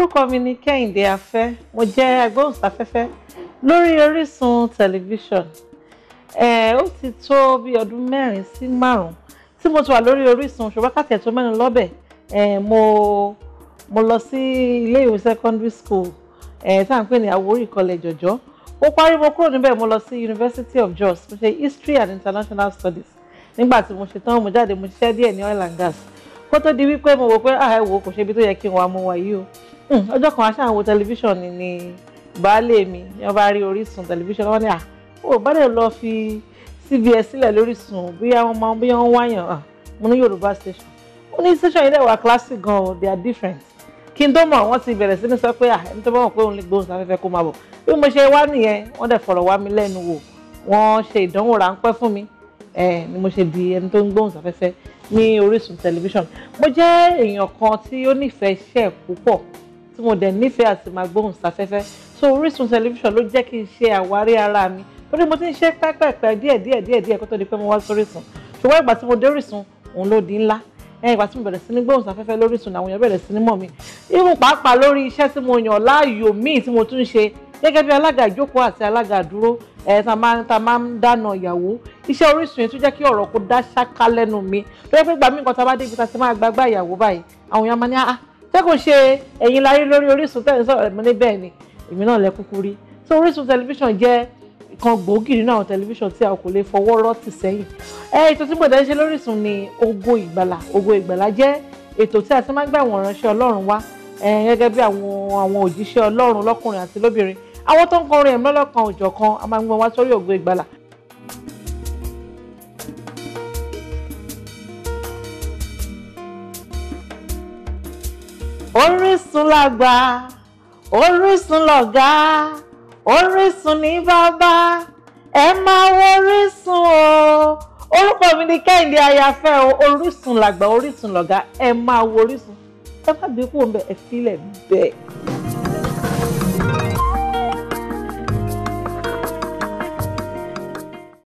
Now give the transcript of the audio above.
orúkọ mi ni Kẹ́hìndé Afẹ́ mo jẹ́ agbóhùnsáfẹ́fẹ́ lórí Orísun tẹlifíṣọ̀n ó ti tó bí ọdún mẹ́rin sí márùn-ún tí mo ti wà lórí Orísun ṣùgbọ́n kàtẹ́ tó mẹ́nu lọ́bẹ̀ mo mo lọ sí ilé ìwé secondary school tá à ń pè ní Àwórì college Ọ̀jọ́ ó parí mo kúrò níbẹ̀ mo lọ sí University of Jos mo ṣe history and international studies nígbà tí mo ṣe tán mo jáde mo ṣiṣẹ́ díẹ̀ ní oil and gas kó tó di wípé mo wò pé àìwò kò ṣe ibi tó yẹ kí n wà mo wà yìí o Hmm, ọjọ́ kan aṣáà wo tẹlifíṣàn ni ni baálé mi ni wọ́n bá rí Orísun tẹlifíṣàn wọ́n ní à ah, ó bá dẹ̀ lọ fi CBS sílẹ̀ lórísun bóyá wọ́n máa bóyá wọ́n wáyàn ah, mo ní Yorùbá station mo ní station yìí dẹ̀ wà classic gan o they are different kí n tó mọ̀ wọ́n ti bẹ̀rẹ̀ sí ní sọ pé à ah, ẹni tó bá wọ̀ pé òun lè gbóhùn sáfẹ́fẹ́ kó máa bọ̀ bí mo ṣe wá nìyẹn wọ́n dẹ̀ fọ̀rọ̀ wá mi lẹ́nu wò wọ́n ṣe ìdánwò ráńpẹ́ fún mi eh, ni mo ṣe di ẹni tó ń gbóhùn sáfẹ́fẹ́ ní Orísun tẹlifíṣàn mo jẹ́ èèyàn kan tí ó nífẹ̀ẹ́ iṣẹ́ púpọ̀ tí mo dẹ̀ nífẹ̀ẹ́ àti máa gbóhùn sáfẹ́fẹ́ so Orísun tẹlifíṣàn ló jẹ́ kí n ṣe àwárí ara mi torí mo ti ń ṣe pẹ́pẹ́pẹ́ díẹ̀ díẹ̀ díẹ̀ díẹ̀ kó tó di pé mo wá sórísun ṣùgbọ́n ìgbà tí mo dé Orísun òun ló di ńlá ẹ̀yìn ìgbà tí mo bẹ̀rẹ̀ sí ní gbóhùn sáfẹ́fẹ́ lórísun àwọn èèyàn bẹ̀rẹ̀ sí ní mọ̀ mi irun pàápàá lórí iṣẹ́ tí mo yàn láàyò míì tí mo tún ṣe gẹ́gẹ́ bí alága ìjókòó àti alága àdúró ẹ̀ tá a máa ń dáná ìyàwó iṣẹ́ Orísun yẹn tún jẹ́ kí ọ̀rọ̀ kó dá ṣáká lẹ́nu mi lórí pé gbàmí nǹkan tá a bá débi tá a ti máa gbàgbá ìyàwó báyìí àwọn èèyàn máa ní ah ṣé kò ṣe ẹ̀yin la rí lórí Orísun tẹ́lẹ̀ sọ̀rọ̀ mo ní bẹ́ẹ̀ ni èmi náà lẹ kúkú rí so Orísun tẹlifíṣàn jẹ́ kan gbòógì nínú àwọn tẹlifíṣàn tí a kò lè fọwọ́ rọ́ tì sẹ́yìn ẹ ètò tí gbọ̀dọ̀ ń ṣe lórísun ni Ògo Ìgbàlà Ògo Ìgbàlà jẹ́ ètò tí a ti máa ń gbà àwọn ìránṣẹ́ Ọlọ́run wá gẹ́gẹ́ bí àwọn àwọn òjíṣẹ́ Ọlọ́run lọ́kùnrin àti lóbìnrin àwọn tó ń kọrin ẹ̀mí lọ́lọ́kan òjọ̀kan a máa ń gbọ́n wá sórí Ògo Ìgbàlà Orísun lágbà Orísun lọ̀gá Orísun ní bàbá ẹ máa wo Orísun o orúkọ mi ni Kẹ́hìndé Ayáfẹ́ o Orísun làgbà Orísun lọ̀gá ẹ máa wo Orísun ẹ má gbé kúrò ń ẹ fílẹ̀ bẹ́ẹ̀.